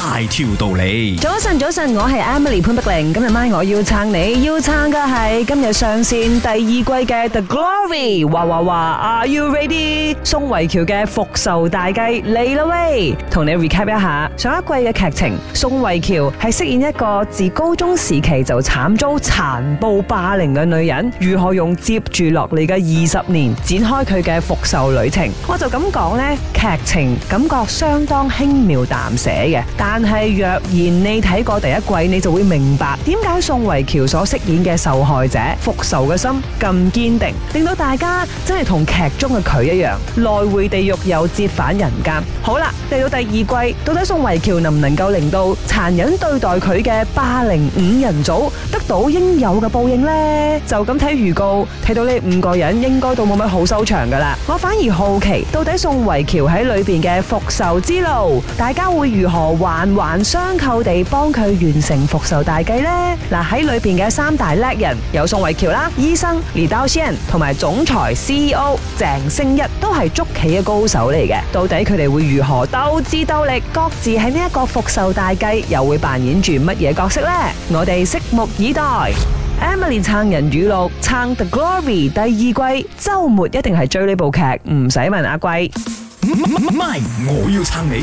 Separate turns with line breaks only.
大條道理，早晨早晨，我係 Emily 潘碧玲，ing, 今日晚，我要撐你，要撐嘅係今日上線第二季嘅 The Glory，哇哇哇，Are you ready？宋慧喬嘅復仇大計嚟啦喂，同你 recap 一下上一季嘅劇情，宋慧喬係飾演一個自高中時期就慘遭殘暴霸凌嘅女人，如何用接住落嚟嘅二十年展開佢嘅復仇旅程，我就咁講呢劇情感覺相當輕描淡寫嘅，但係若然你睇過第一季，你就會明白點解宋慧喬所飾演嘅受害者復仇嘅心咁堅定，令到大家真係同劇中嘅佢一樣，來回地獄又折返人間。好啦，嚟到第二季，到底宋慧喬能唔能夠令到殘忍對待佢嘅霸凌五人組得到應有嘅報應呢？就咁睇預告，睇到呢五個人應該都冇乜好收場噶啦。我反而好奇，到底宋慧喬喺裏邊嘅復仇之路，大家會如何話環環相扣地幫佢完成復仇大計呢。嗱，喺裏邊嘅三大叻人有宋慧喬啦、醫生李 i d h n 同埋總裁 CEO 鄭勝一都係捉棋嘅高手嚟嘅。到底佢哋會如何鬥智鬥力？各自喺呢一個復仇大計又會扮演住乜嘢角色呢？我哋拭目以待。Emily 撐人語錄，撐 The Glory 第二季，周末一定係追呢部劇，唔使問阿貴。唔，我要撐你。